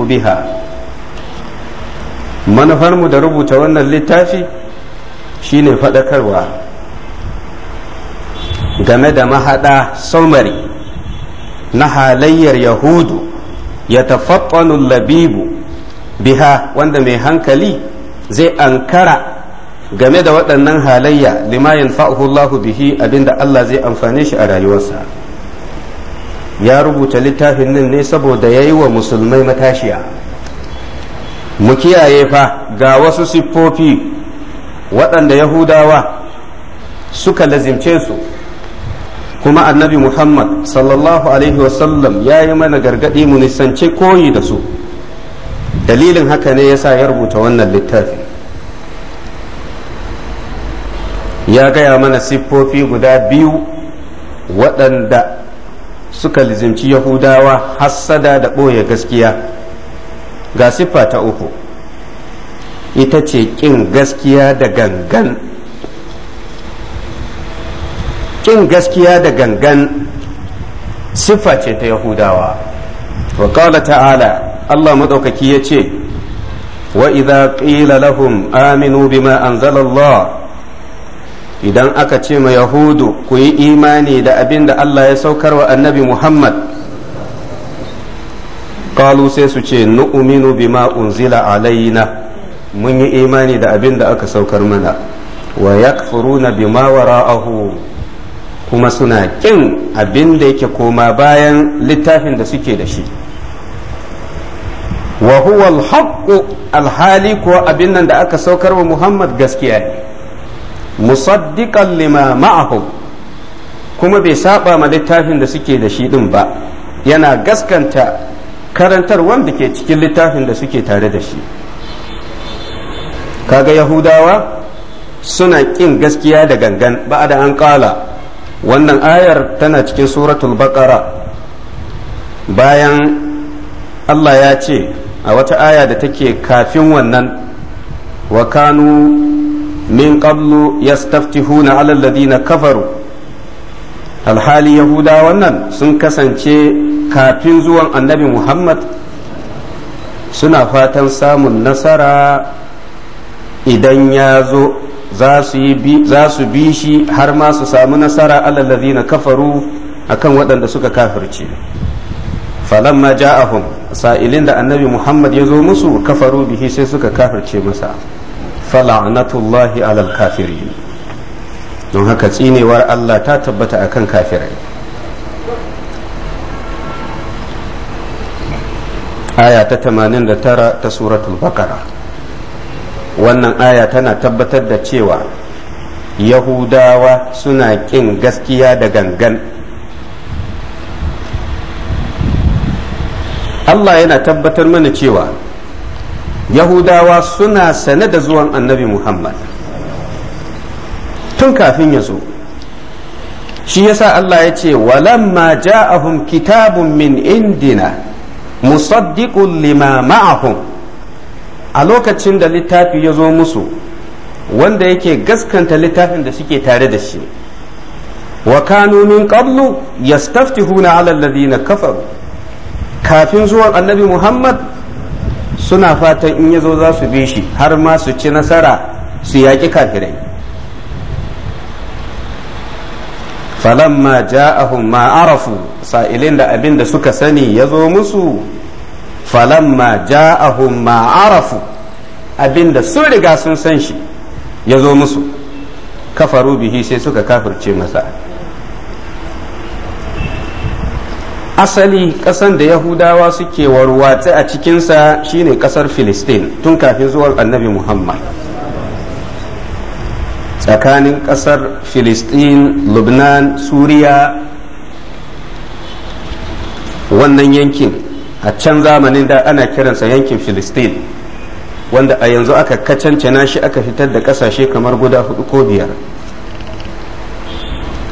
biha mu da rubuta wannan littafi shine fadakarwa. game da mahaɗa saumari na halayyar yahudu ya tafattanu labibu biha wanda mai hankali zai ankara game da waɗannan halayya limayin fa'uhullahu bihi abinda Allah zai amfane shi a rayuwarsa. ya rubuta littafin nan ne saboda ya yi wa musulmai matashiya mu kiyaye fa ga wasu siffofi waɗanda yahudawa suka lazimce su kuma annabi muhammad sallallahu alaihi wasallam ya yi mana gargaɗi mu nisance koyi da su dalilin haka ne ya sa ya rubuta wannan littafi ya gaya mana siffofi guda biyu waɗanda suka lizimci yahudawa hassada da ɓoye gaskiya ga siffa ta uku ita ce ƙin gaskiya da gangan ƙin gaskiya da gangan siffa ce ta yahudawa wa ta'ala allah maɗaukaki ya ce wa idha qila lahum aminu bima anzalallah allah idan aka ce ma yahudu ku yi imani da abin da Allah ya saukar wa annabi Muhammad kalu sai su ce nu'minu bima unzila alaina mun yi imani da abin da aka saukar mana wa yakfuruna bima wara'ahu kuma suna kin abin da yake koma bayan littafin da suke da shi wa huwa alhali ko abin nan da aka saukar wa Muhammad gaskiya ne musaddiqan lima kuma bai saba ma littafin da suke da shi din ba yana gaskanta karantar da ke cikin littafin da suke tare da shi kaga yahudawa suna ƙin gaskiya da gangan ba da an ƙala wannan ayar tana cikin suratul baqara bayan allah ya ce a wata aya da take kafin wannan wa kanu min qablu yastaftihuna ala na kafaru alhali yahuda wannan sun kasance kafin zuwan annabi muhammad suna fatan samun nasara idan ya zo za su bi shi har ma su samu nasara na kafaru akan waɗanda suka kafirce falamma ja'ahum sa'ilin da annabi muhammad ya zo musu kafaru bihi sai suka kafirce masa fala'natullahi alal kafiri don haka tsinewar Allah ta tabbata akan kafirai aya ta 89 ta suratul bakara wannan aya tana tabbatar da cewa yahudawa suna ƙin gaskiya da gangan Allah yana tabbatar mana cewa yahudawa suna sane da zuwan annabi muhammad tun kafin ya zo shi yasa allah ya ce walamma ja'ahum kitabun min indina musaddiqun lima ma'ahum a lokacin da littafi ya zo musu wanda yake gaskanta littafin da suke tare da shi wa kanu min qablu yastaftihuna ala alladhina kafaru kafin zuwan annabi muhammad suna fatan in ya zo za su bi shi har ma su ci nasara su yaƙi kafirai falamma ja'ahum ma arafu sa'ilin da abin da suka sani ya zo musu falamma ja'ahum ma arafu abin da sun riga sun san shi ya zo musu kafaru bihi sai suka kafirce masa asali ƙasan da yahudawa suke warwatse a cikinsa shine ƙasar filistin tun kafin zuwan annabi muhammad tsakanin ƙasar filistin lubnan suriya wannan yankin a can zamanin da ana kiransa yankin filistin wanda a yanzu aka kacance na shi aka fitar da ƙasashe kamar guda hudu ko biyar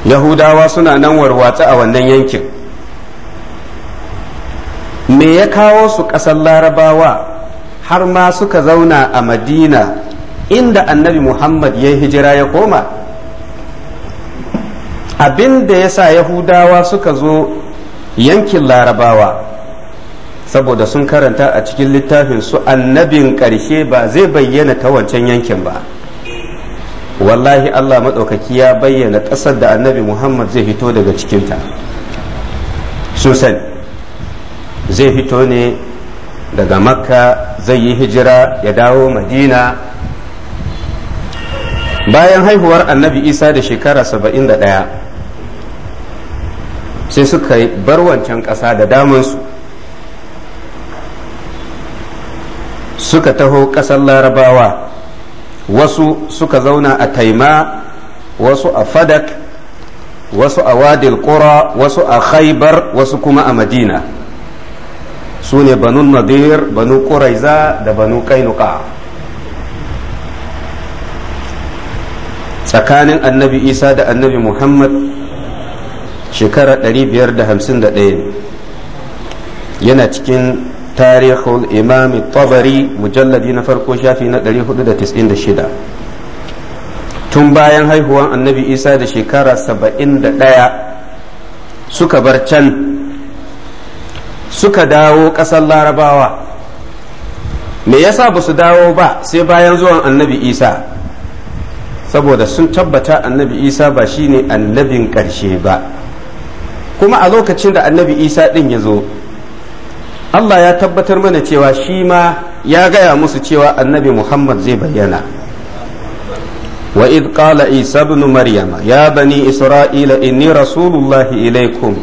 yahudawa suna nan warwatse a wannan yankin me ya kawo su ƙasar larabawa har ma suka zauna a madina inda annabi muhammad ya hijira ya koma abin da ya sa yahudawa suka zo yankin larabawa saboda sun karanta a cikin littafin su annabin ƙarshe ba zai bayyana ta wancan yankin ba wallahi allah maɗaukaki ya bayyana ƙasar da annabi muhammad zai fito daga cikinta sun zai fito ne daga makka zai yi hijira ya dawo madina bayan haihuwar annabi isa da shekara saba'in da ɗaya sai suka bar wancan ƙasa da damansu suka taho ƙasar larabawa wasu suka zauna a taima wasu a fadak wasu a wadil ƙura wasu a khaibar wasu kuma a madina su ne banu nadir banu ƙuraiza da banu kainuka tsakanin annabi isa da annabi muhammad shekara 551 yana cikin tarihul imam tabari mujalladi na farko shafi na 496 tun bayan haihuwan annabi isa da shekara 71 suka bar can suka dawo ƙasar larabawa me yasa ba su dawo ba sai bayan zuwan annabi isa saboda sun tabbata annabi isa ba shi ne annabin ƙarshe ba kuma a lokacin da annabi isa ɗin ya zo allah ya tabbatar mana cewa shi ma ya gaya musu cewa annabi muhammad zai bayyana Wa قال عيسى ابن مريم ya bani isra'ila inni rasulullahi ilaikum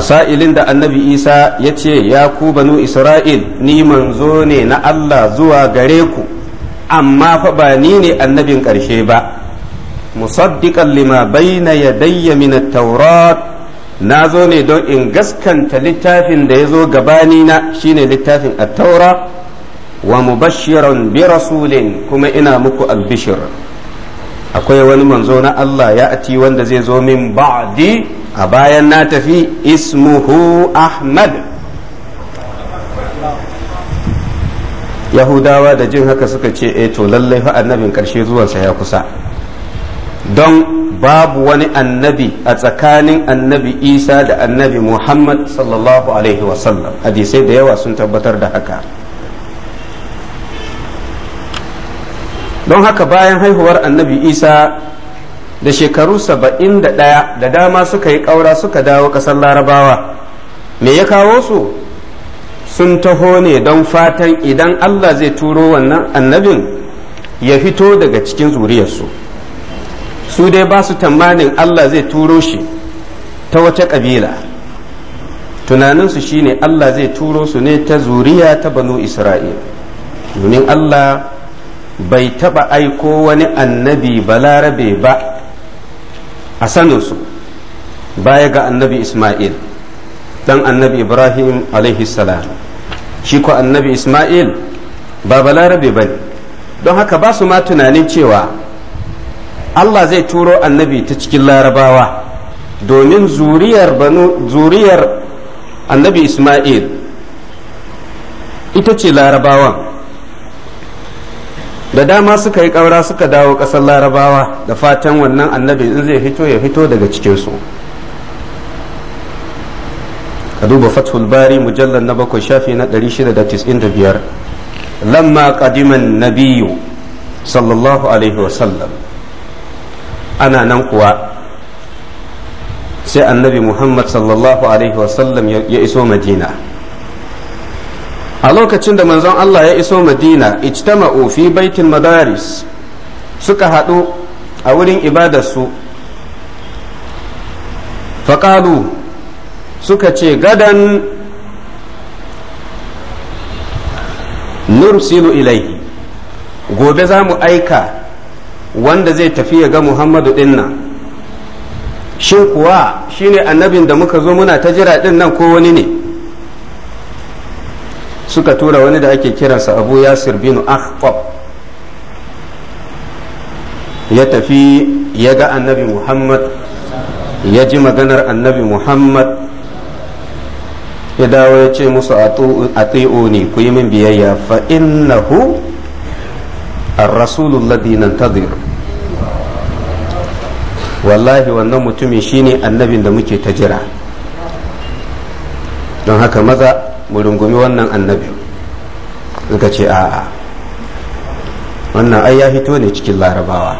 asa'ilin da annabi isa ya ce ya ku banu isra'il ni manzo ne na allah zuwa gare ku amma fa ba ni ne annabin ƙarshe ba musaddiqan lima bayna yadayya min at-taurat na zo ne don in gaskanta littafin da ya zo gabani na shine littafin at-taura wa mubashiran bi rasulin kuma ina muku albishir akwai wani manzo na Allah ya ati wanda zai zo min ba'di a bayan na tafi ismuhu Ahmad Yahudawa da jin haka suka ce e to lallai fa annabin karshe zuwansa ya kusa don babu wani annabi a tsakanin annabi Isa da annabi Muhammad sallallahu alaihi wasallam hadisai da yawa sun tabbatar da haka don haka bayan haihuwar annabi isa da shekaru saba'in da ɗaya da dama suka yi ƙaura suka dawo ƙasar larabawa me ya kawo su sun taho ne don fatan idan allah zai turo wannan annabin ya fito daga cikin zuriyarsu su dai ba su tamanin allah zai turo shi ta wata ƙabila tunaninsu shine allah zai turo su ne ta zuriya ta banu isra'il domin allah bai taɓa aiko wani annabi balarabe ba a saninsu baya ga annabi ismail dan annabi ibrahim salam shi ko annabi ismail ba balarabe ba ne don haka ba su ma tunanin cewa allah zai turo annabi ta cikin larabawa domin zuriyar banu zuriyar annabi ismail ita ce larabawan da dama suka yi ƙaura suka dawo ƙasar larabawa da fatan wannan annabi in zai fito ya fito daga cikinsu ka duba fathul bari mujallar na bakwai shafi na 695 lamma na nabiyu sallallahu alaihi wasallam ana nan kuwa sai annabi muhammad sallallahu alaihi wasallam ya iso madina a lokacin da manzon Allah ya iso madina ijtama'u fi baitin madaris suka haɗu a wurin ibadarsu faƙalu suka ce gadan nursilu ilaihi gobe za mu aika wanda zai tafi ya ga muhammadu dinna shin kuwa shine annabin da muka zo muna ta jira din nan ko wani ne suka tura wani da ake kiransa abu yasir bin akhqab ya tafi ya ga annabi muhammad ya ji maganar annabi muhammad ya dawo ya ce musu a ne ku yi min biyayya fa innahu ar-rasulul ladhi wallahi wannan mutumin shine annabin da muke ta jira don haka maza mu rungumi wannan annabi suka ce a'a wannan ai ya fito ne cikin larabawa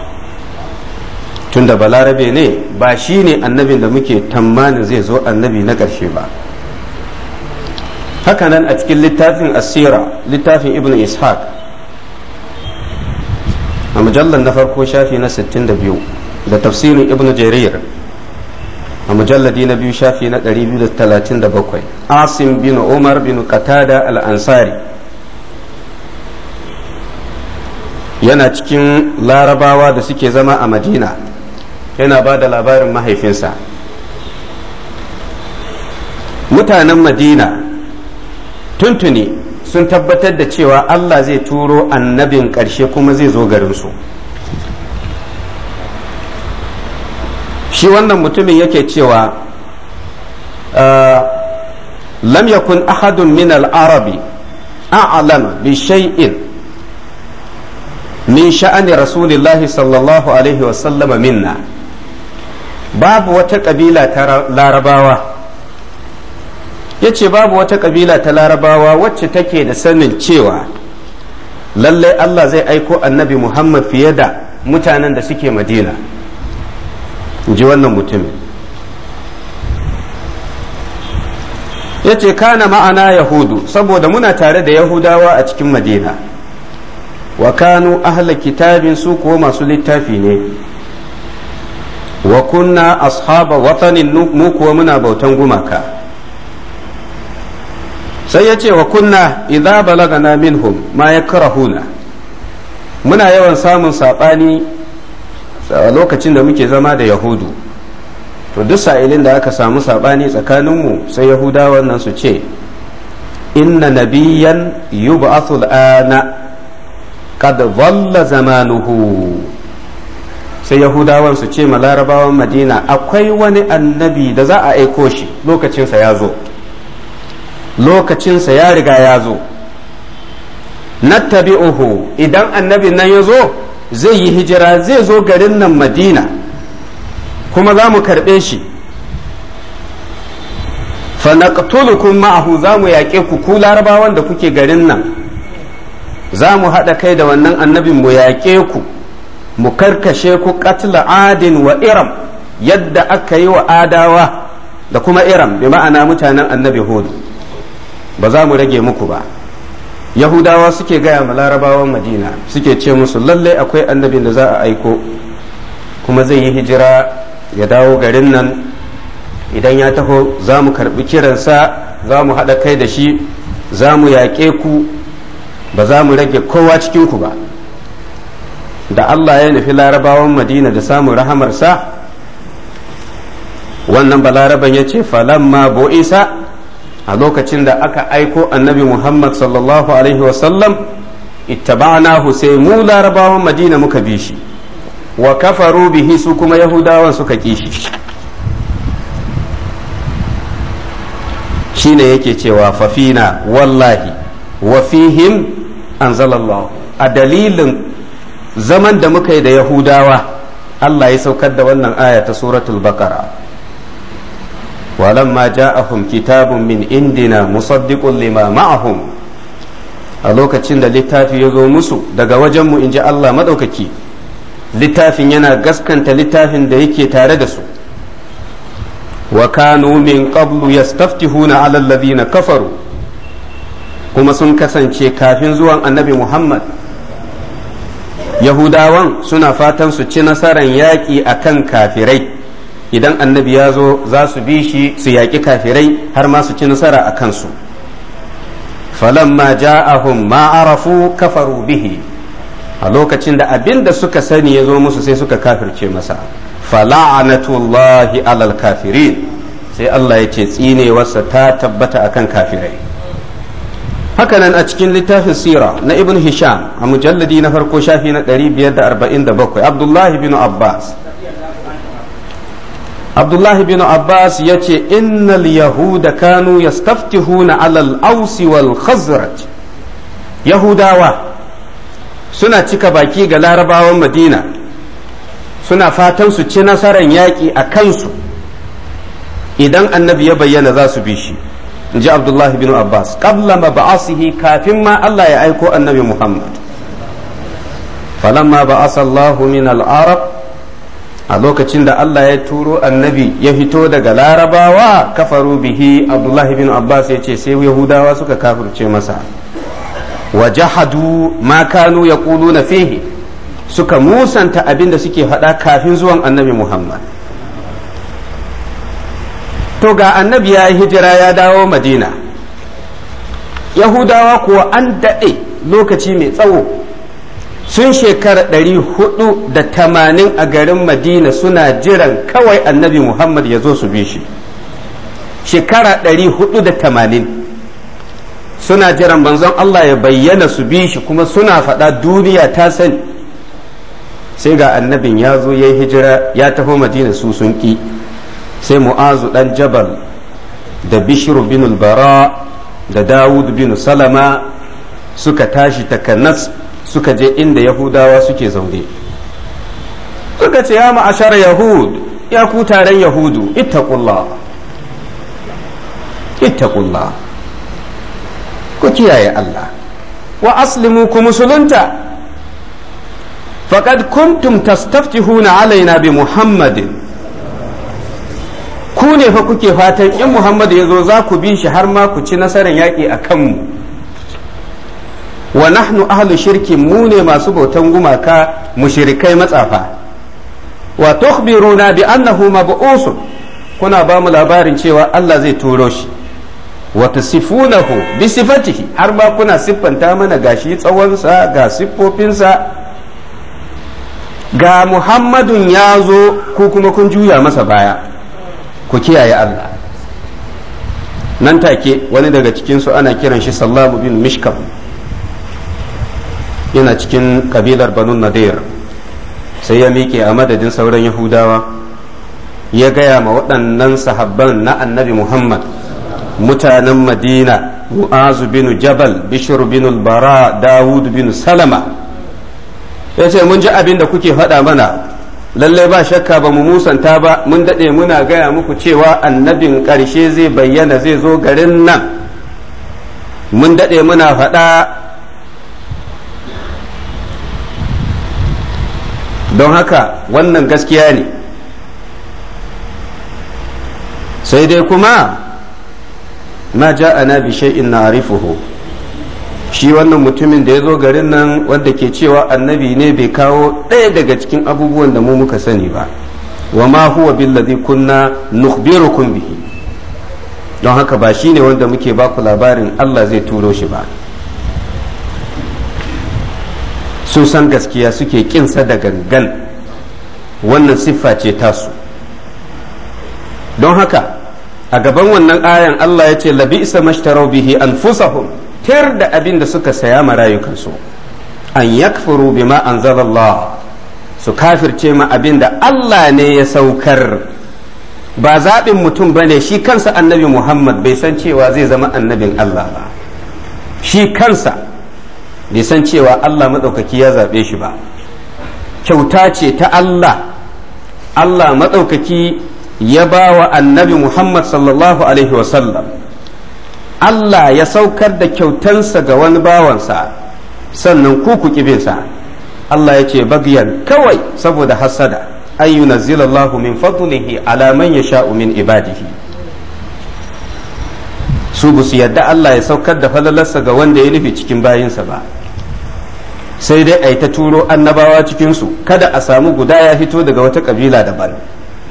tunda ba balarabe ne ba shi ne annabin da muke tammanin zai zo annabi na ƙarshe ba hakanan a cikin littafin asira littafin ibn ishaq a mujallar na farko shafi na 62 da tafsirin ibn jarir a mujalladi na biyu shafi na bakwai asim bin umar bin qatada al-ansari yana cikin larabawa da suke zama a madina yana ba da labarin mahaifinsa mutanen madina tuntuni sun tabbatar da cewa allah zai turo annabin ƙarshe kuma zai zo garinsu shi wannan mutumin yake cewa ah, lam yakun ahadun min al-arabi a'lam bi shay'in min sha'ani rasulillahi sallallahu alaihi wa sallama minna babu wata kabila ta larabawa yace babu wata kabila ta larabawa wacce take da sanin cewa lallai Allah zai aiko annabi Muhammad fiye da mutanen da suke Madina ji wannan mutumin ya ce kana ma'ana yahudu saboda muna tare da yahudawa a cikin madina wa kanu ahla kitabin su kuwa masu littafi ne wa kunna ashaba watanin mu muna bautan gumaka sai ya ce wa kunna idza balagana minhum ma ya yakrahuna muna yawan samun saɓani A lokacin da muke zama da yahudu to duk sa'ilin da aka samu saɓani tsakaninmu sai yahudawan nan su ce inna nabiyan yub'athu kada qad dhalla zamanuhu sai yahudawan su ce ma Larabawan madina akwai wani annabi da za a aiko shi lokacinsa ya zo lokacinsa ya riga ya zo uhu idan annabin nan ya zo zai yi hijira zai zo garin nan madina kuma za mu karɓe shi fanaqtulukum ma'ahu za mu yaƙe ku ku larabawan da kuke garin nan za mu haɗa kai da wannan annabin mu yaƙe ku mu karkashe ku katla adin wa iram yadda aka yi wa adawa da kuma iram bi ma'ana mutanen annabi hudu ba za mu rage muku ba yahudawa suke gaya ma larabawan madina suke ce musu lallai akwai annabin da za a aiko kuma zai yi hijira ya dawo garin nan idan ya taho za mu karbi kiransa za mu haɗa kai da shi za mu yaƙe ku ba za mu rage kowa cikinku ba da allah ya nufi larabawan madina da samun rahamarsa wannan balaraban ya ce falamma bo'isa a lokacin da aka aiko annabi muhammad sallallahu alaihi wasallam ittaba'nahu sai mu larabawan madina muka bi shi wa kafaru bihi su kuma yahudawan suka ƙi shi shine yake cewa fafina wallahi wa fihim anzalallahu a dalilin zaman da muka yi da yahudawa Allah ya saukar da wannan aya ta suratul baqara ولما جاءهم كتاب من عندنا مصدق لما معهم a lokacin da littafi ya zo musu daga wajenmu in ji Allah maɗaukaki littafin yana gaskanta littafin da yake tare da su wa kanu min qablu yastaftihuna ala na kafaru kuma sun kasance kafin zuwan annabi Muhammad yahudawan suna fatan su ci nasarar yaƙi akan kafirai idan annabi ya zo za su bi shi su yaƙi kafirai har ma su ci nasara a kansu falamma ja'ahum ma arafu kafaru bihi a lokacin da abin da suka sani ya zo musu sai suka kafirce masa fala'anatullahi alal kafirin sai Allah ya ce tsinewarsa ta tabbata akan kafirai hakanan a cikin littafin sira na ibn hisham a mujalladi na farko shafi na 547 abdullahi bin abbas abdullahi bin abbas ya ce innal yahuda kanu yastaftihuna alal ausi wal yahudawa suna cika baki ga larabawan madina suna fatan su ci nasarar yaƙi a kansu idan annabi ya bayyana za bi shi in abdullahi bin abbas qabla mab'asihi kafin ma allah ya aiko annabi muhammad arab a lokacin da Allah ya turo annabi ya fito daga larabawa kafaru bihi abdullahi bin abbas ya ce sai yahudawa suka kafirce masa wa jahadu ma kanu yaquluna fihi suka musanta abinda suke faɗa kafin zuwan annabi muhammad to ga annabi ya yi hijira ya dawo madina yahudawa kuwa an daɗe lokaci mai tsawo sun shekara ɗari huɗu da tamanin a garin madina suna jiran kawai annabi muhammad ya zo su bi shi shekara ɗari huɗu da tamanin suna jiran manzon allah ya bayyana su bi shi kuma suna faɗa duniya ta sani sai ga annabin ya zo ya hijira ya taho madina su sun ƙi sai mu'azu ɗan jabal da bishiru bin bara da dawud bin salama suka tashi takanas suka je inda yahudawa suke zaune suka ce ya ma'ashar yahud ya ku taron yahudu ittaqullah ittaqullah ku kiyaye Allah wa aslimu ku musulunta faqad kuntum tastaftihuna alaina bi muhammadin ku ne fa kuke fatan in muhammad ya zo za ku bi shi har ma ku ci nasarar yaƙi a kanmu wa nahnu ahlu shirki mu ne masu bautan gumaka mushrikai matsafa wa tukhbiruna bi annahu mab'usun kuna ba mu labarin cewa Allah zai turo shi wa tasifunahu bi sifatihi har ba kuna siffanta mana gashi tsawonsa ga siffofinsa ga Muhammadun ya zo ko kuma kun juya masa baya ku kiyaye Allah nan take wani daga cikin su ana kiran shi Sallamu bin Mishkam yana cikin kabilar banu nadir sai ya miƙe a madadin sauran yahudawa ya gaya ma waɗannan sahabban na annabi muhammad mutanen madina mu'azu bin jabal bishir bin bara dawud bin salama ya ce mun ji abin da kuke faɗa mana lallai ba shakka ba mu musanta ba mun daɗe muna gaya muku cewa annabin ƙarshe zai bayyana zai zo garin nan mun daɗe muna faɗa don haka wannan gaskiya ne sai dai kuma ma bishe bi na na'rifuhu shi wannan mutumin da ya zo garin nan wanda ke cewa annabi ne bai kawo ɗaya daga cikin abubuwan da mu muka sani ba wa ma huwa billazi kunna nukhbirukum bihi don haka ba shi ne wanda muke baku labarin Allah zai turo shi ba sun san gaskiya suke kinsa da gangan wannan siffa ce tasu don haka a gaban wannan ayan Allah ya ce labi isa mashtarau bihi anfusahum tir da abin da suka saya ma rayukansu an yakfuru bima anzalallah su kafirce ma abin da Allah ne ya saukar ba zaɓin mutum ba ne shi kansa annabi muhammad bai san cewa zai zama annabin allah ba shi kansa bai san cewa Allah maɗaukaki ya zaɓe shi ba kyauta ce ta Allah Allah maɗaukaki ya ba wa annabi Muhammad sallallahu alaihi wasallam Allah ya saukar da kyautansa ga wani bawansa sannan kuku ƙibinsa Allah ya ce bagiyan kawai saboda hasada an yunazzilallahu min fadlihi ala man sha’u min ibadihi su basu su yadda Allah ya saukar da falalarsa ga wanda ya nufi cikin bayinsa ba sai dai yi ta turo annabawa cikinsu kada a samu guda ya fito daga wata kabila daban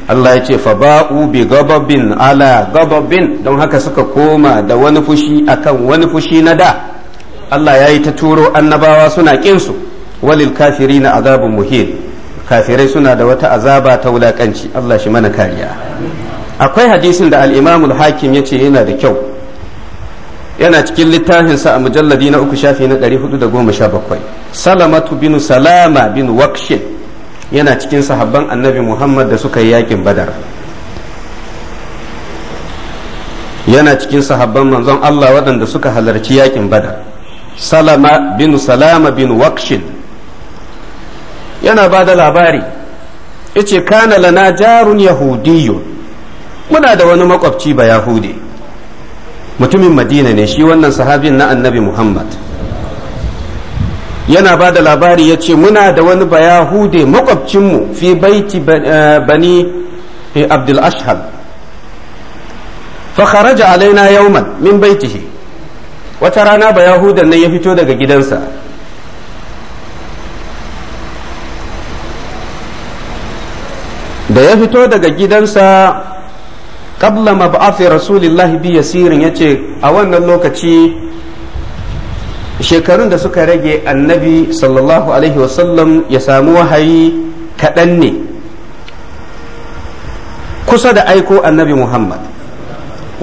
Allah ya ce fa ba'u bi gababin ala gababin don haka suka koma da wani fushi akan wani fushi na da Allah ya yi ta turo annabawa suna kinsu su kafiri na azabun muhil kafirai suna da wata azaba ta wulakanci Allah shi mana kariya akwai hadisin da al imamul ya ya ce yana da kyau yana cikin littafinsa a mujalladi na uku shafi na 417 salamatu bin salama bin wakshin yana cikin sahabban annabi muhammad da suka yi yakin badar yana cikin sahabban manzon allah waɗanda suka halarci yakin badar salama bin salama bin wakshin yana ba da labari ya ce kana lana jarun yahudiyun muna da wani makwabci ba yahudi mutumin madina ne shi wannan sahabin na annabi muhammad yana ba da labari ya ce muna da wani bayahude makwabcinmu fi baiti eh, bani eh, abdul ashhal fa kharaja alaina yauman min baitihi wata rana bayahudan nan ya fito daga gidansa da ya fito daga gidansa qabla mab'athi rasulillahi bi yasirin yace a wannan lokaci shekarun da suka rage annabi sallallahu alaihi wasallam ya samu wahayi kaɗan ne kusa da aiko annabi muhammad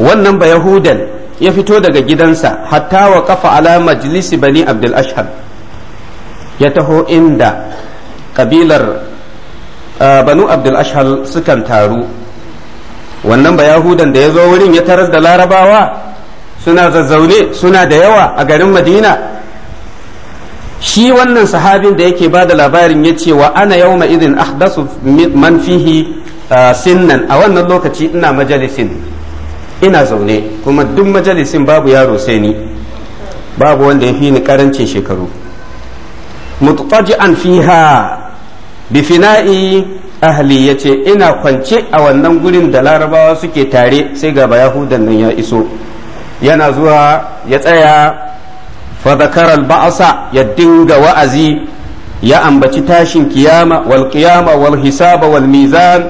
wannan ba yahudan ya fito daga gidansa hatta wa kafa ala majlisi bani abdul ashhab ya taho inda ƙabilar ah, banu abdul ashhab sukan taru wannan ba yahudan da ya zo wurin ya taras da larabawa suna zazzaune suna da yawa a garin madina shi wannan sahabin da yake ba da labarin ya ce wa ana yau idin ahdasu man fihi uh, sinnan a wannan lokaci ina majalisin ina zaune kuma duk majalisin babu yaro sai ni babu wanda ya fi ni karancin shekaru an fiha bifina'i ahli ya ce ina kwance a wannan gurin da larabawa suke tare sai ga Yahudan nan ya iso yana zuwa ya tsaya fadakar ba'asa ya dinga wa'azi ya ambaci tashin kiyama wal kiyama wal hisaba wal mizan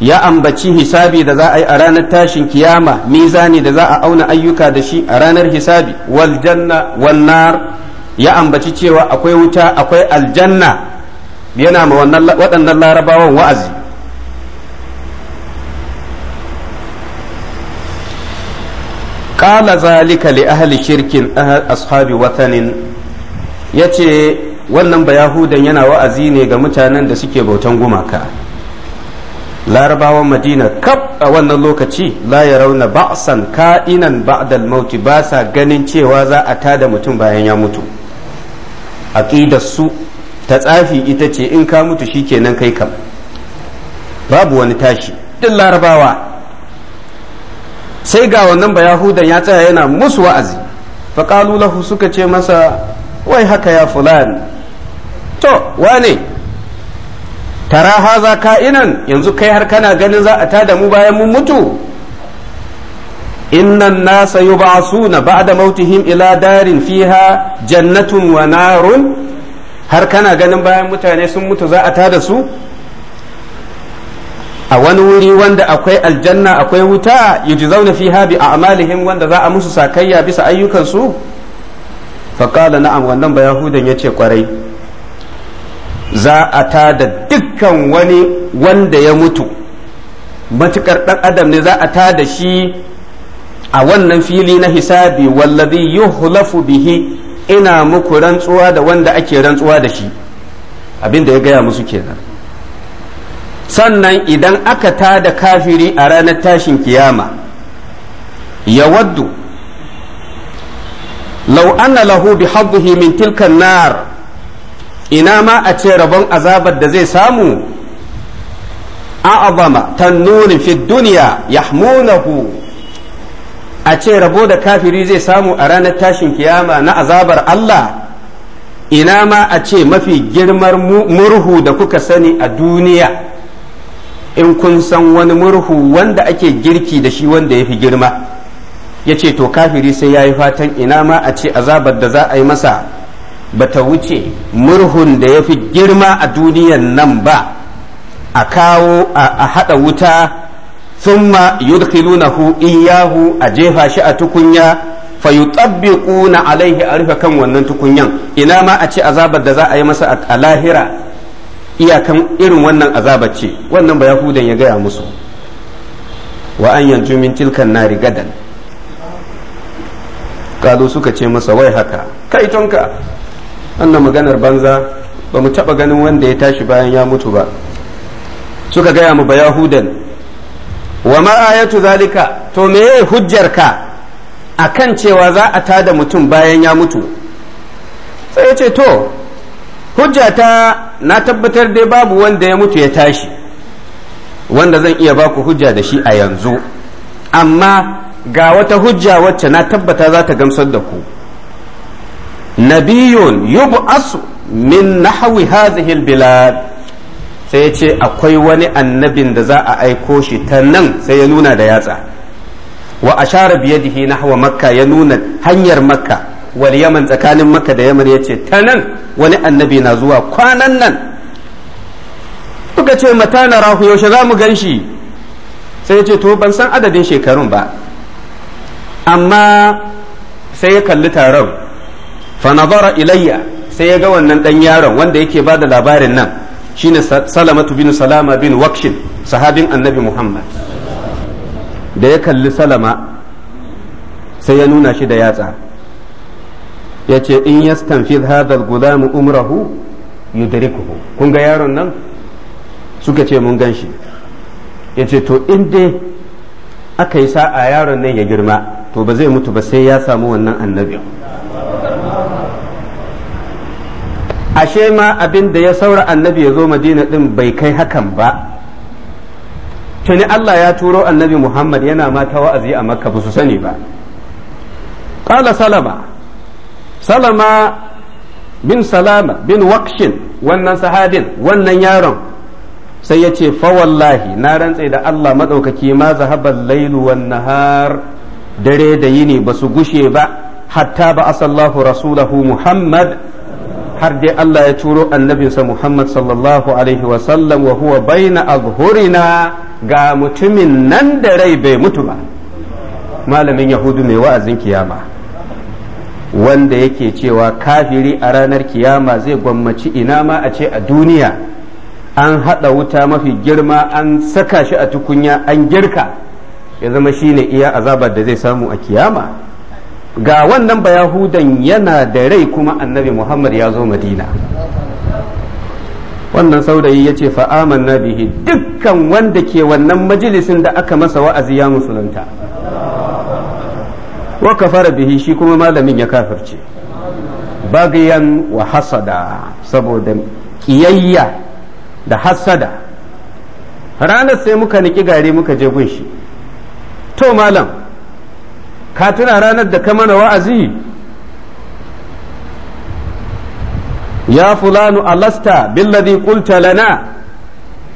ya ambaci hisabi da za a yi a ranar tashin kiyama mizani da za a auna ayyuka da shi a ranar hisabi wal janna wal nar ya ambaci cewa akwai wuta akwai aljanna yana ma waɗannan larabawan wa'azi ƙala zalika li ahli shirkin ashabi watanin ya ce wannan bayahudan yana wa'azi ne ga mutanen da suke bautan gumaka larabawan madina kaf a wannan lokaci la ya rauna ba'san ka'inan ba'dal mauti ba sa ganin cewa za a tada mutum bayan ya mutu aƙidar su ta tsafi ita ce in ka mutu shi kenan kai kam babu wani tashi ɗin larabawa sai ga wannan ba yahudan ya tsaya yana musu wa'azi faƙalu lahu suka ce masa wai haka ya fulani to wane tara haza ka'inan yanzu kai har kana ganin za a tada mu bayan mun mutu innan nasa yub'asuna ba'da mautihim ila darin fiha jannatun wa narun har kana ganin bayan mutane sun mutu za a tada su a wani wuri wanda akwai aljanna akwai wuta yujzauna habi bi a'malihim wanda za a musu sakayya bisa ayyukansu faƙala na'am wannan ba yahudan ya ce kwarai za a tada dukkan wani wanda ya mutu matukar ɗan adam ne za a tada shi a wannan fili na hisabi wallazi yuhlafu bihi ina muku rantsuwa da wanda ake rantsuwa da shi abin da ya gaya musu kenan sannan idan aka tada kafiri a ranar tashin kiyama ya waddu lau anna lahu bi haddihi min tilkan nar ina ma a ce rabon azabar da zai samu a'azama tannurin fi duniya yahmunahu a ce rabo da kafiri zai samu a ranar tashin kiyama na azabar Allah ina ma a ce mafi girmar murhu da kuka sani a duniya in kun san wani murhu wanda ake girki da shi wanda ya fi girma ya ce to kafiri sai ya yi fatan ina ma a ce azabar da za a yi masa bata wuce murhun da ya fi girma a duniyan nan ba a kawo a haɗa wuta summa thumma yudkhilunahu iyyahu a jefa shi a tukunya na alaihi a rufe kan wannan tukunyan ina ma a ce azabar da za a yi masa alahira. iyakan irin wannan azabar ce wannan ba yahudan ya gaya musu wa an yanju min tilkan nari suka ce masa wai haka kai tonka wannan maganar banza bamu taɓa ganin wanda ya tashi bayan ya mutu ba suka gaya mu ba yahudan wa ma'ayatu zalika to meye hujjarka akan cewa za a tada mutum bayan ya mutu sai ya ce to hujjata na tabbatar dai babu wanda ya mutu ya tashi wanda zan iya baku hujja da shi a yanzu amma ga wata hujja wacce na tabbata za ta gamsar da ku nabiyun yub'asu min nahwi hazihil bilad sai ya ce akwai wani annabin da za a aiko shi ta nan sai ya nuna da yatsa wa ashara na nahwa makka ya nuna hanyar makka wal yaman tsakanin makka da yaman ya ce ta nan wani annabi na zuwa kwanan nan suka ce mata na rahu yaushe za mu gan shi sai ya ce to ban san adadin shekarun ba amma sai ya kalli taron fa nazara ilayya sai ya ga wannan dan yaron wanda yake ba da labarin nan shine salamatu bin salama bin wakshin sahabin annabi muhammad da ya kalli salama sai ya nuna shi da yatsa ya ce in yastanfid hadha guda mu umrahu yudrikuhu kun ga yaron nan suka ce mun gan shi ya ce to in dai aka yi sa'a yaron nan ya girma to ba zai mutu ba sai ya samu wannan annabi ashe ma abin da ya saura annabi ya zo madina din bai kai hakan ba tuni Allah ya turo annabi Muhammad yana mata wa'azi a makka ba su sani ba qala salama salama bin salama bin wakshin wannan sahabin wannan yaron sai ya ce fa wallahi na rantse da Allah maɗaukaki ma zahabal lailu wan nahar dare da yini ba su gushe ba hatta ba asallahu rasulahu Muhammad har dai Allah ya turo annabinsa Muhammad sallallahu alaihi wa sallam wa huwa baina azhurina ga mutumin nan da rai bai mutu ba malamin yahudu mai wa'azin kiyama wanda yake cewa kafiri a ranar kiyama zai gwammaci ina ma a ce a duniya an haɗa wuta mafi girma an saka shi a tukunya an girka ya zama shine iya azabar da zai samu a kiyama ga wannan bayahudan yana da rai kuma annabi muhammad ya zo madina wannan saurayi ya ce fa'aman na bihi dukkan wanda ke wannan majalisin da aka masa wa'azi ya musulunta wa kafara bihi shi kuma malamin ya kafirce bagayan wa hasada saboda kiyayya da hasada ranar sai muka niki gare muka je gunshi to malam ka tuna ranar da ka mana wa'azi ya fulanu alasta billadhi qulta lana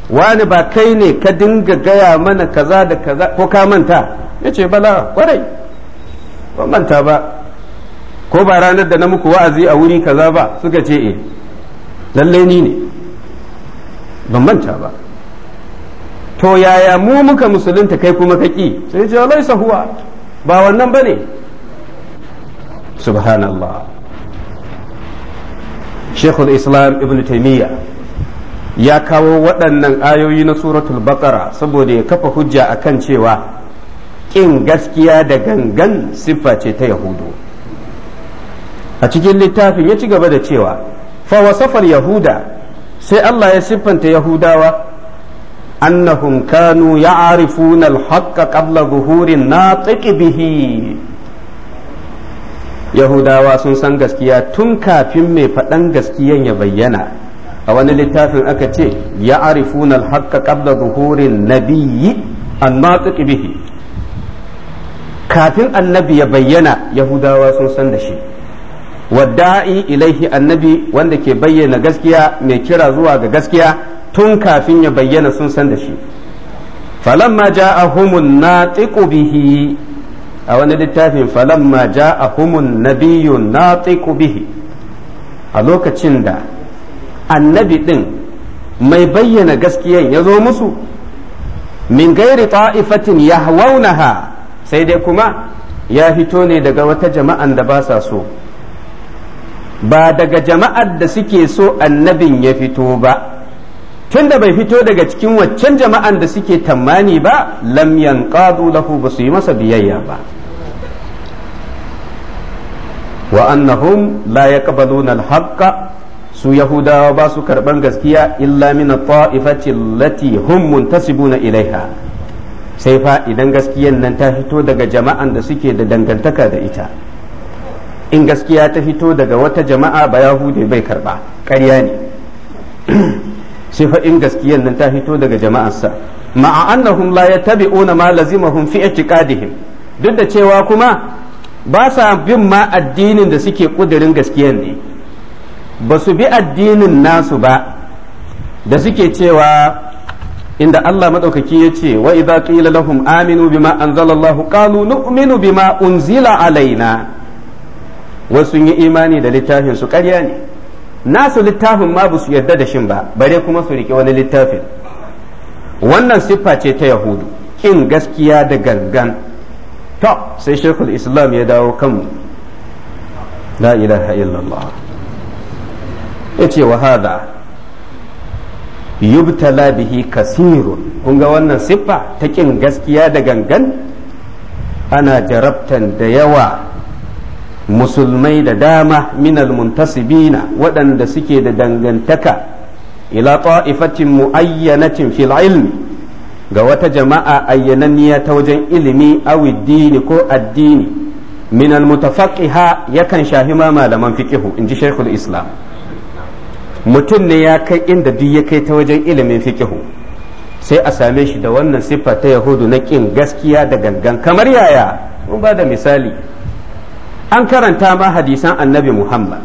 wani ba kai ne ka dinga gaya mana kaza da kaza ko ka manta yace bala kwarai ban manta ba ko ba ranar da na muku wa'azi a wuri kaza ba suka ce eh lalle ni ne ban manta ba to yaya mu muka musulunta kai kuma kaki sai ce laisa huwa ba wannan ba ne subhanallah shekul islam ibn taimiyya ya kawo waɗannan ayoyi na suratul baqara saboda ya kafa hujja a kan cewa ƙin gaskiya da gangan siffa ce ta yahudu a cikin littafin ya ci gaba da cewa fa wasafar yahuda sai allah ya siffanta yahudawa أنهم كانوا يعرفون الحق قبل ظهور الناطق به yahudawa sun san gaskiya tun kafin mai faɗan gaskiyan ya bayyana a wani littafin aka ce ya arifun alhaqqa qabla zuhurin nabiyyi annatiq bihi kafin annabi ya bayyana yahudawa sun san da shi wadda'i ilaihi annabi wanda ke bayyana gaskiya mai kira zuwa ga gaskiya tun kafin ya bayyana sun san da shi falamma ja'ahumun natiqu bihi a wani littafin falamma ja'ahumun nabiyyun natiqu bihi a lokacin da annabi ɗin mai bayyana gaskiyan ya zo musu min gairi ta'ifatin waunaha? sai dai kuma ya fito ne daga wata jama'an da ba sa so ba daga jama'ar da suke so annabin ya fito ba tun da bai fito daga cikin waccan jama'an da suke tammani ba lam yanqadu lahu ba su yi masa biyayya ba wa annahum la yaqbaluna al-haqqa su yahudawa ba su karban gaskiya illa min ta'ifati allati hum muntasibuna ilaiha sai fa idan gaskiyan nan ta fito daga jama'an da suke da dangantaka da ita in gaskiya ta fito daga wata jama'a ba yahude bai karba ƙarya ne sai fa in gaskiyar nan ta fito daga jama'arsa ma'a annahum la yattabi'una ma lazimahum fi i'tiqadihim duk da cewa kuma ba sa bin ma addinin da suke kudirin gaskiyar ne ba su bi addinin nasu ba da suke cewa inda Allah madaukaki ya ce wa idza qila lahum aminu bima anzalallahu qalu nu'minu bima unzila alaina wasu yi imani da littafin su ƙarya ne nasu littafin ma ba su yarda da shin ba bare kuma su rike wani littafin wannan siffa ce ta yahudu ƙin gaskiya da gangan to sai shekul islam ya dawo kanmu la ilaha illallah ya ce wa hada yubtala bihi kasirun kun ga wannan siffa ta ƙin gaskiya da gangan ana jarabtan da yawa musulmai da dama minal muntasibina waɗanda suke da dangantaka ila ta'ifatin muayyanatin fil ilmi ga wata jama'a ayyananniya ta wajen ilimi awiddini ko addini minal mutafaqiha yakan shahi ma malaman fiqihu inji shaykhul islam mutum ne ya kai inda duk ya kai ta wajen ilimin fiqihu sai a same shi da wannan siffa ta yahudu na kin gaskiya da gangan kamar yaya mun ba da misali an karanta ma hadisan annabi Muhammad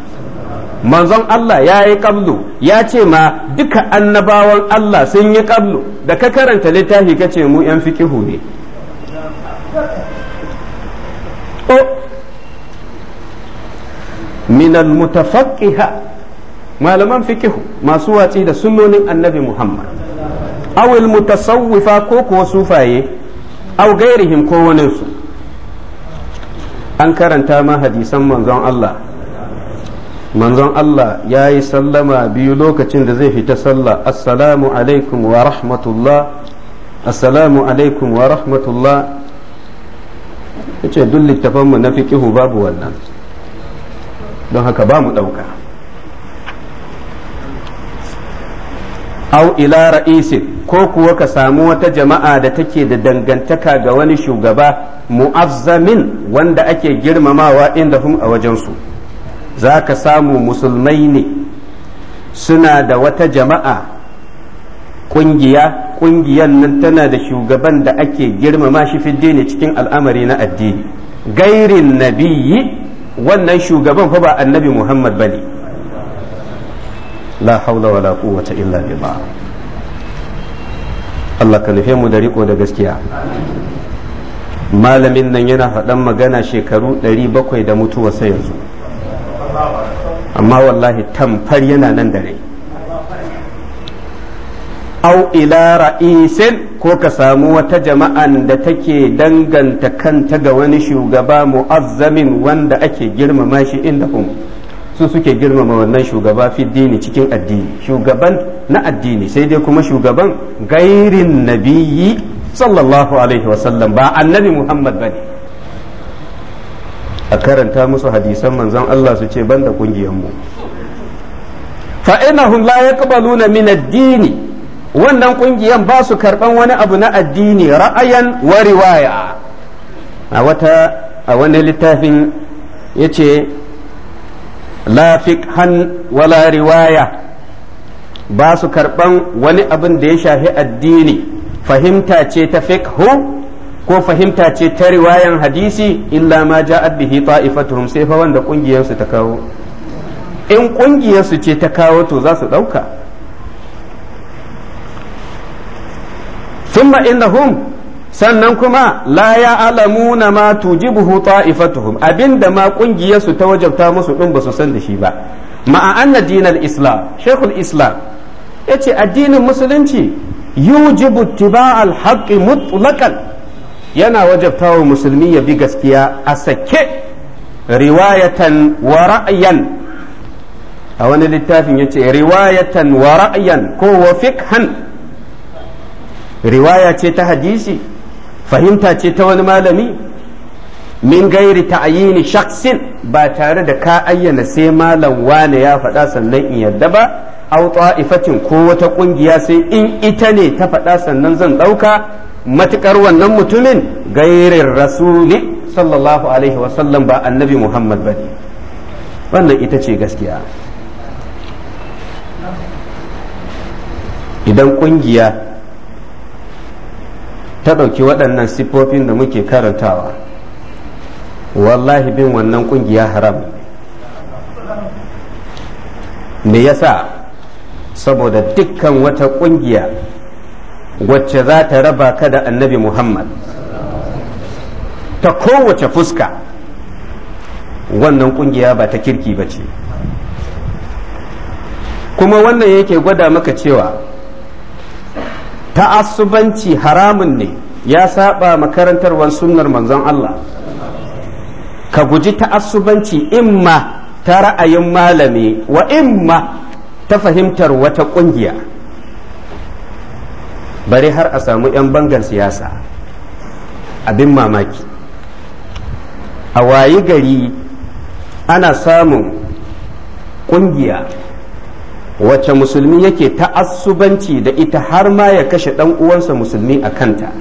manzon Allah ya yi kablu ya ce ma duka annabawan Allah sun yi kablu da ka karanta littafi ka ce mu 'yan fikihu ne minal mutafaqqiha malaman fikihu masu watsi da sunonin annabi Muhammad awil mutasawwifa ko kuwa sufaye au gairihim ko waninsu an karanta ma hadisan manzon Allah manzon Allah ya yi sallama biyu lokacin da zai fita sallah assalamu alaikum wa rahmatullah assalamu alaikum wa rahmatullah ya ce duk littafanmu na fiƙihu babu wannan don haka ba mu ɗauka au ila ra'isin ko kuwa ka samu wata jama'a da take da dangantaka ga wani shugaba mu'azzamin wanda ake girmamawa inda hum a wajensu za ka samu musulmai ne suna da wata jama'a ƙungiya ƙungiyar nan tana da shugaban da ake girmama shi fiddini cikin al'amari na addini gairin nabiyyi wannan shugaban fa ba annabi muhammad bane la haula wala quwwata illa billah Allah ka nufe mu da riko da gaskiya malamin nan yana faɗan magana shekaru 700 da sai yanzu amma wallahi tamfar yana nan da rai au ila ra'isin ko ka samu wata jama'an da take danganta kanta ga wani shugaba mu'azzamin wanda ake girmama shi inda kuma su suke girmama wannan shugaba fi dini cikin addini shugaban na addini sai dai kuma shugaban gairin nabiyyi sallallahu alaihi wasallam ba annabi muhammad ba ne a karanta musu hadisan manzon Allah su ce banda kungiyanmu fa innahum ya yaqbaluna min addini wannan kungiyan ba su karban wani abu na addini ra'ayan wa riwaya a wata a wani littafin yace la fiqhan wala riwaya ba su karban wani abin da ya shafi addini fahimta ce ta fiqhu ko fahimta ce ta riwayan hadisi illa ma ja'at bihi ta'ifatuhum sai fa wanda kungiyarsu ta kawo in kungiyarsu ce ta kawo to za su dauka thumma innahum sannan kuma la ya na ma tujibuhu ta'ifatuhum abinda ma kungiyarsu ta wajabta musu din ba su san da shi ba ma'a anna dinal islam shaykhul islam yace addinin musulunci yujibu tiba'al haqqi mutlaqan yana wajabta wa musulmi ya bi gaskiya a sake riwayatan wa ra'yan a wani littafin yace riwayatan wa ra'yan ko wa fiqhan riwaya ce ta hadisi fahimta ce ta wani malami min gairi ta'ayini shaksin ba tare da ka ayyana sai malam wane ya faɗa sannan in yadda ba aw ta'ifatin ko wata ƙungiya sai in ita ne ta faɗa sannan zan ɗauka matuƙar wannan mutumin gairin rasuli sallallahu alaihi wasallam ba annabi muhammad ba ne wannan ita ce gaskiya idan ƙungiya ta ɗauki waɗannan siffofin da muke karantawa wallahi bin wannan ƙungiya haram me yasa saboda dukkan wata ƙungiya wacce za ta raba ka da annabi muhammad ta kowace fuska wannan ƙungiya ba ta kirki ba ce kuma wannan yake gwada maka cewa ta'assubanci haramun ne ya saba makarantarwar sunnar manzon Allah ka guji ta'assubanci imma ta ra'ayin malami wa imma ta fahimtar wata ƙungiya bari har a samu 'yan bangar siyasa abin mamaki a wayi gari ana samun ƙungiya wacce musulmi yake ta'assubanci da ita har ma ya kashe dan uwansa musulmi a kanta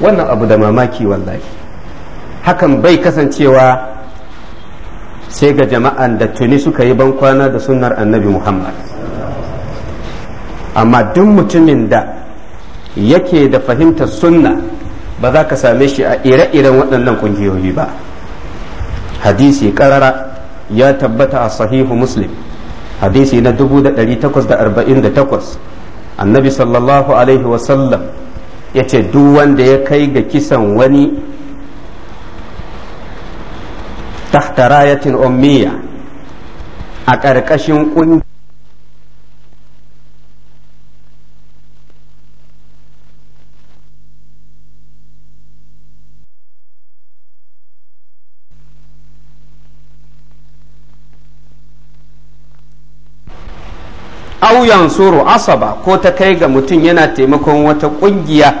wannan abu da mamaki wallahi hakan bai kasancewa sai ga jama'an da tuni suka yi bankwana da sunnar annabi muhammad amma duk mutumin da yake da fahimtar sunna ba za ka same shi a ire-iren waɗannan ƙungiyoyi ba hadisi ƙarara ya tabbata a sahihu muslim hadisi na 1848 annabi sallallahu alaihi wasallam ya ce duk wanda ya kai ga kisan wani tahtarayatin rayatin ummiya a ƙarƙashin ƙungiya auyan yansuru asaba ko ta kai ga mutum yana taimakon wata ƙungiya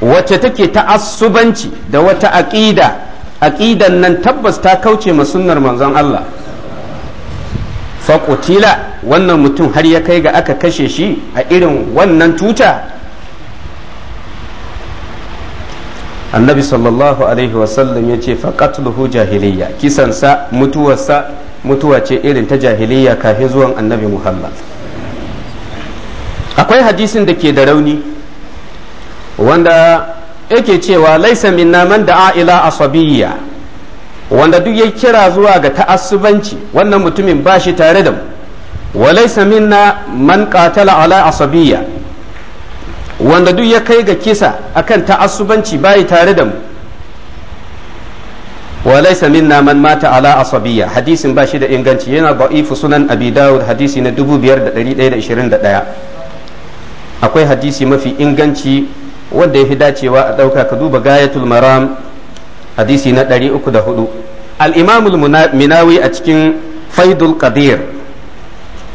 wacce take ta asubanci da wata aƙida aƙidan nan tabbas ta kauce ma sunnar manzon Allah faƙutila wannan mutum har ya kai ga aka kashe shi a irin wannan tuta annabi sallallahu alaihi wasallam ya ce faƙatluhu jahiliya kisansa mutuwarsa mutuwa ce irin ta jahiliya kafin zuwan annabi muhammad akwai hadisin da ke da rauni wanda yake cewa laisa minna man da'a ila asabiyya wanda duk ya kira zuwa ga ta'assubanci wannan mutumin ba shi tare da mu wa laisa minna man qatala ala asabiyya wanda duk ya kai ga kisa akan ta'assubanci bai tare da mu wa laysa minna man mata ala asabiyya hadisin bashi da inganci yana da'ifu sunan abi dawud hadisi na 5121 akwai hadisi mafi inganci wanda ya fi dacewa a ɗauka Kaduba duba gayatul maram hadisi na 304 al-imam al-minawi a cikin faidul qadir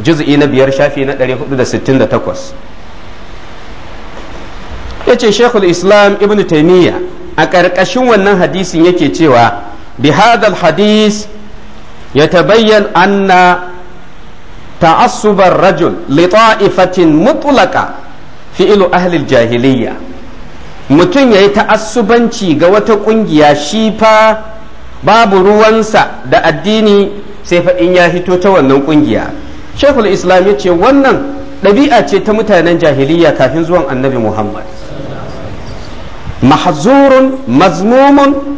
juz'i na biyar shafi na 468 yace shaykhul islam ibnu taymiya a ƙarƙashin wannan hadisin yake cewa بهذا الحديث يتبين أن تعصب الرجل لطائفة مطلقة فعل أهل الجاهلية mutum ya yi ta'assubanci ga wata ƙungiya shi fa babu ruwansa da addini sai fa in ya hito ta wannan ƙungiya shekul islam ya ce wannan ɗabi'a ce ta mutanen jahiliya kafin zuwan annabi muhammad mahzurun mazmumun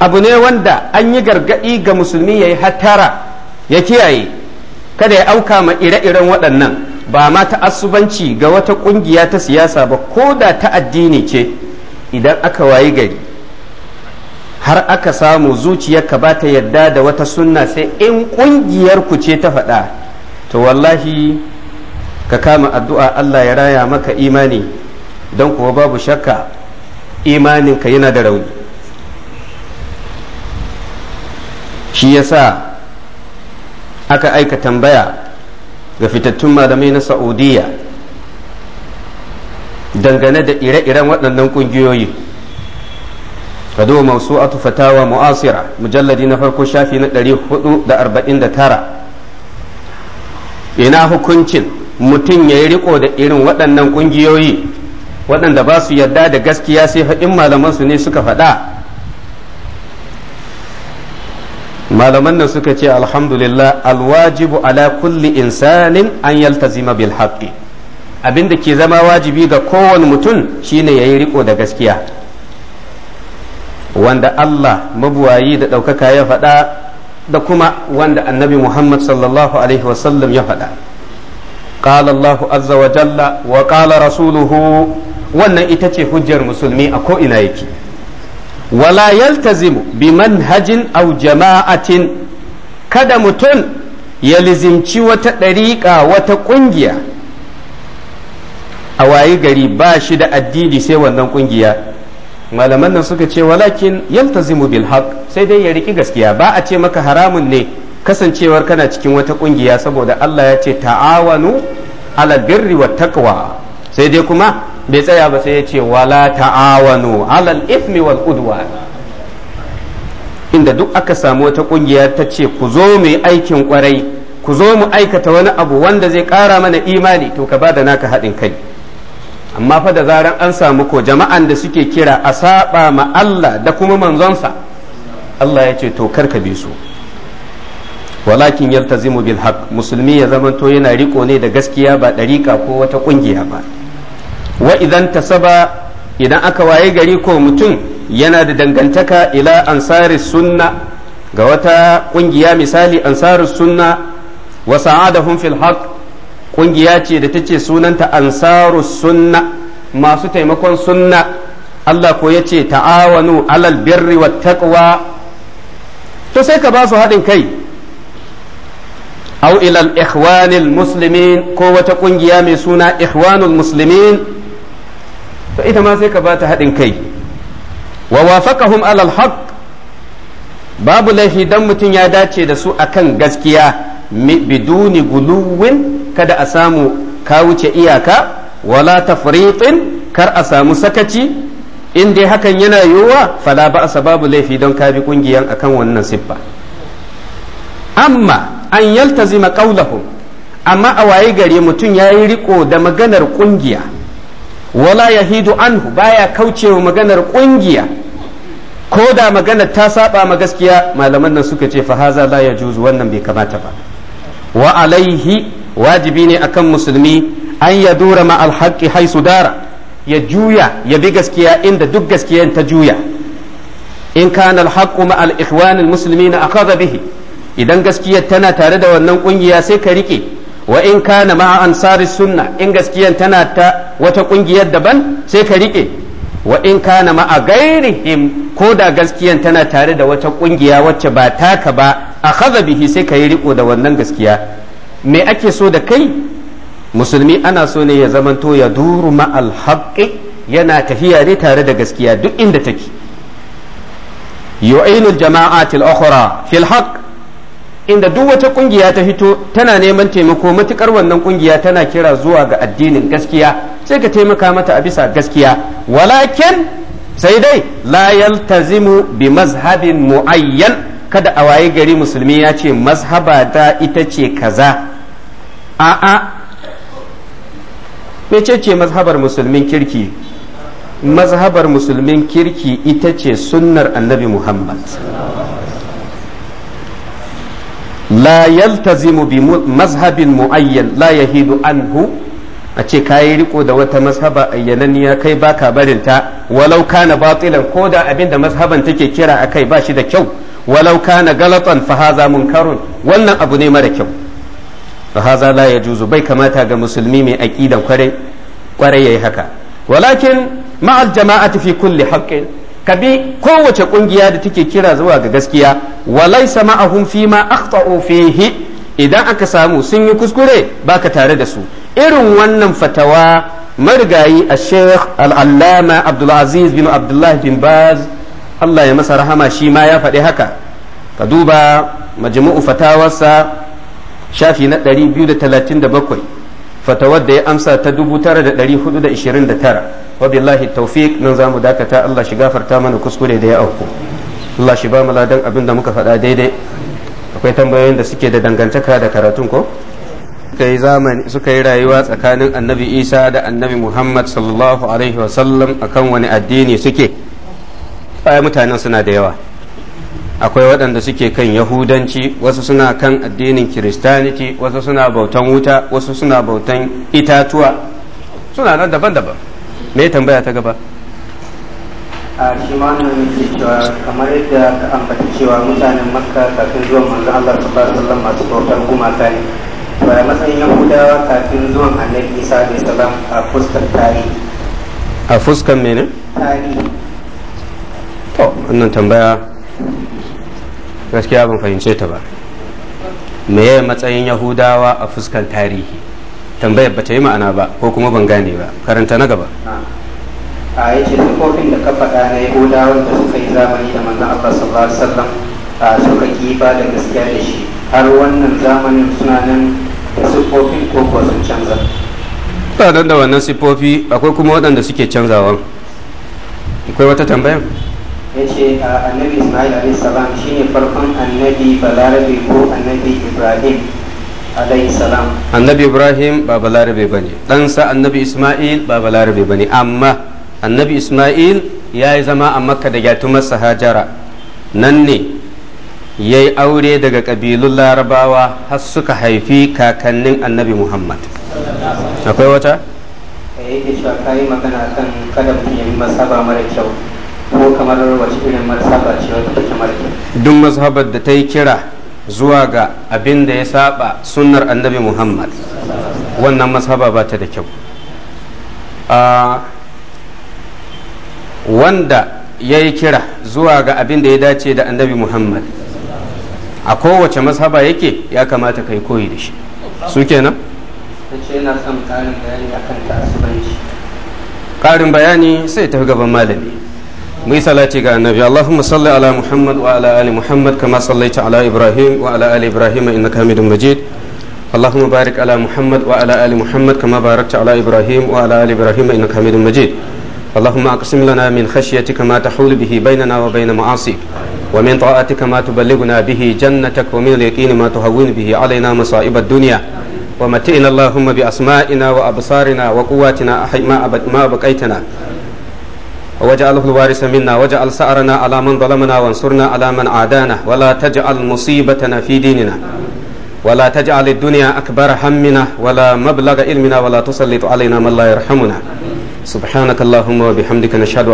abu ne wanda an yi gargaɗi ga musulmi ya yi hattara ya kiyaye kada ya auka ma ire-iren waɗannan ba ma ta'assubanci ga wata ƙungiya ta siyasa ba ko da ta addini ce idan aka wayi gari har aka samu zuciyarka ba ta yarda da wata sunna sai in ƙungiyar ku ce ta faɗa to wallahi ka kama addu'a Allah ya raya maka imani don kuwa babu shakka imaninka yana da rauni shi sa aka aika tambaya ga fitattun malamai na Saudiyya. dangane da ire-iren waɗannan ƙungiyoyi ka zo a tufatawa mu'asira mujalladi na farko shafi na 449 ina hukuncin mutum ya yi riko da irin waɗannan ƙungiyoyi waɗanda ba su yarda da gaskiya sai haɗin malamansu ne suka faɗa malaman nan suka ce alhamdulillah alwajibu ala kulli insanin an yaltazima bil haƙi abin da ke zama wajibi ga kowane mutum shine yayi riko da gaskiya wanda Allah mabuwayi da ɗaukaka ya faɗa da kuma wanda annabi Muhammad sallallahu alaihi wasallam ya faɗa qala Allahu azza wa jalla wa qala rasuluhu wannan ita ce hujjar musulmi a ko ina wala yaltazimu bi manhajin aw jama'atin kada mutum ya lizimci wata ɗariƙa wata ƙungiya a wayi gari ba shi da addini sai wannan ƙungiya malaman nan suka ce walakin yaltazimu bil haq sai dai ya riki gaskiya ba a ce maka haramun ne kasancewar kana cikin wata ƙungiya saboda Allah ya ce ta'awanu ala birri wa taqwa sai dai kuma bai tsaya ba sai ya ce wala ta'awanu alal ithmi wal udwan inda duk aka samu wata kungiya ta ce ku zo mu aikin kwarai ku zo mu aikata wani abu wanda zai kara mana imani to ka bada naka haɗin kai amma fa da zaran an samu ko jama'an da suke kira a saba ma Allah da kuma manzonsa Allah ya ce to karka bi su walakin yaltazimu bil haqq musulmi ya zamanto yana riko ne da gaskiya ba dariƙa ko wata kungiya ba wa idan saba idan aka waye gari ko mutum yana da dangantaka ila ansari sunna ga wata kungiya misali ansari sunna wa sa'adahum fil haqq kungiya ce da tace sunanta ansaru sunna masu taimakon sunna Allah ko ce ta'awanu alal birri wa taqwa to sai ka ba su haɗin kai au ilal ikhwanil muslimin ko wata kungiya mai suna ikhwanul muslimin ita ma sai ka ba ta haɗin kai wa wafaqahum alal haqq babu laifi dan mutum ya dace da su akan gaskiya biduni guluwin kada a samu ka wuce iyaka wala tafriqin kar a samu sakaci in dai hakan yana yiwuwa fala ba babu laifi don ka bi kungiyan akan wannan siffa amma an yaltazima qaulahum amma a waye gare mutum ya yi riko da maganar kungiya wala yahidu anhu baya kaucewa maganar kungiya ko da maganar ta saba ma gaskiya malaman nan suka ce fa haza la yajuzu wannan bai kamata ba wa alaihi wajibi ne akan musulmi an ya dora ma alhaqi haisu dara ya juya ya bi gaskiya inda duk gaskiya ta juya in kana alhaqu ma al-ikhwan al-muslimina bihi idan gaskiyar tana tare da wannan kungiya sai ka rike wa in kana ma'a ansari sunna in gaskiyan tana ta wata kungiyar daban sai ka rike wa in kana ma'a gairihim ko da gaskiyan tana tare da wata kungiya wacce ba taka ba a kaza bihi sai ka yi riko da wannan gaskiya me ake so da kai musulmi ana so ne ya zamanto ya duru ma'al yana tafiya ne tare da gaskiya duk inda take yu'inul jama'atil ukhra fil haqq inda duk wata kungiya ta fito tana neman taimako matukar wannan kungiya tana kira zuwa ga addinin gaskiya sai ka taimaka mata a bisa gaskiya walakin sai dai la yaltazimu bi mazhabin muayyan kada a waye gari musulmi ya ce mazhaba ta ita ce kaza a'a mece ce mazhabar musulmin kirki mazhabar musulmin kirki ita ce sunnar annabi muhammad la yaltazimu bi mazhabin mu'ayyan la yahidu anhu a ce yi riko da wata mazhaba ya kai baka barinta walau kana batilan ko da abin da mazhaban take kira a kai ba shi da kyau walau kana galatan fahaza haza munkarun wannan abu ne mara kyau fahaza la ya yajuzu bai kamata ga musulmi mai aqidan kwarai kwarai yayi haka walakin ma'al jama'ati fi kulli haqqin ka bi kowace kungiya da take kira zuwa ga gaskiya walaysa ma'ahum fi ma akhta'u fihi idan aka samu sun yi kuskure baka tare da su irin wannan fatawa marigayi a sheikh al'allama abdulaziz bin abdullah bin baz Allah ya masa rahama shi ma ya faɗi haka ka duba majmu'u fatawarsa shafi na 237 fatawar da ya amsa ta 9429 wa billahi tawfiq nan zamu dakata Allah shi gafarta mana kuskure da ya auku Allah shi ba mu ladan abin da muka faɗa daidai akwai tambayoyin da suke da dangantaka da karatun ko suka yi zamani suka yi rayuwa tsakanin annabi isa da annabi muhammad sallallahu alaihi wa sallam akan wani addini suke ai mutanen suna da yawa akwai waɗanda suke kan yahudanci wasu suna kan addinin kiristaniti wasu suna bautan wuta wasu suna bautan itatuwa suna nan daban-daban me ya tambaya ta gaba a shi ma nan yake cewa kamar yadda ka ambaci cewa mutanen makka kafin zuwan manzon Allah sallallahu alaihi wasallam masu bautar gumaka ne ba ya matsayin yahudawa kafin zuwan annabi isa alaihi salam a fuskar tarihi a fuskar mene tarihi to wannan tambaya gaskiya ban fahimce ta ba me ya matsayin yahudawa a fuskar tarihi tambayar ba ta yi ma'ana ba ko kuma ban gane ba karanta na gaba a ce sufofin da ka faɗa na yahudawan da suka yi zamani da manzon da sallallahu alaihi wasallam suka ki ba da gaskiya da shi har wannan zamanin suna nan da sufofin ko kuwa sun canza ba da wannan sifofi akwai kuma waɗanda suke canzawa akwai wata tambayar ya ce annabi ismail alaihi salam shine farkon annabi balarabe ko annabi ibrahim annabi ibrahim ba balarabe ba ne ɗansa annabi isma'il ba balarabe ba ne amma annabi isma'il ya yi zama a makka da yatumarsa hajara nan ne ya yi aure daga ƙabilun larabawa har suka haifi kakannin annabi muhammad akwai wata? Eh, ka yi magana kan kada ya yi ba mara kyau ko kamar wacce irin ba ce wata take mara kyau duk masabar da ta yi kira zuwa ga abin da ya saba sunnar annabi muhammad wannan masaba ba ta da kyau wanda ya yi kira zuwa ga abin da ya dace da annabi muhammad a kowace masaba yake ya kamata kai koyi da shi su kenan? yana son karin bayani akan ta'asubanci karin bayani sai ta gaban malami mu yi salati ga annabi Allahumma salli ala Muhammad wa ala ali Muhammad kama sallaita ala Ibrahim wa ala ali Ibrahim innaka Hamidum Majid Allahumma barik ala Muhammad wa ala ali Muhammad kama barakta ala Ibrahim wa ala ali Ibrahim innaka Hamidum Majid اللهم اقسم لنا من خشيتك ما تحول به بيننا وبين معاصيك ومن طاعتك ما تبلغنا به جنتك ومن اليقين ما تهون به علينا مصائب الدنيا ومتئنا اللهم بأسمائنا وأبصارنا وقواتنا ما أبقيتنا وجعله الوارث منا وجعل سأرنا على من ظلمنا وانصرنا على من عادانا ولا تجعل مصيبتنا في ديننا ولا تجعل الدنيا أكبر همنا ولا مبلغ علمنا ولا تسلط علينا من لا يرحمنا سبحانك اللهم وبحمدك نشهد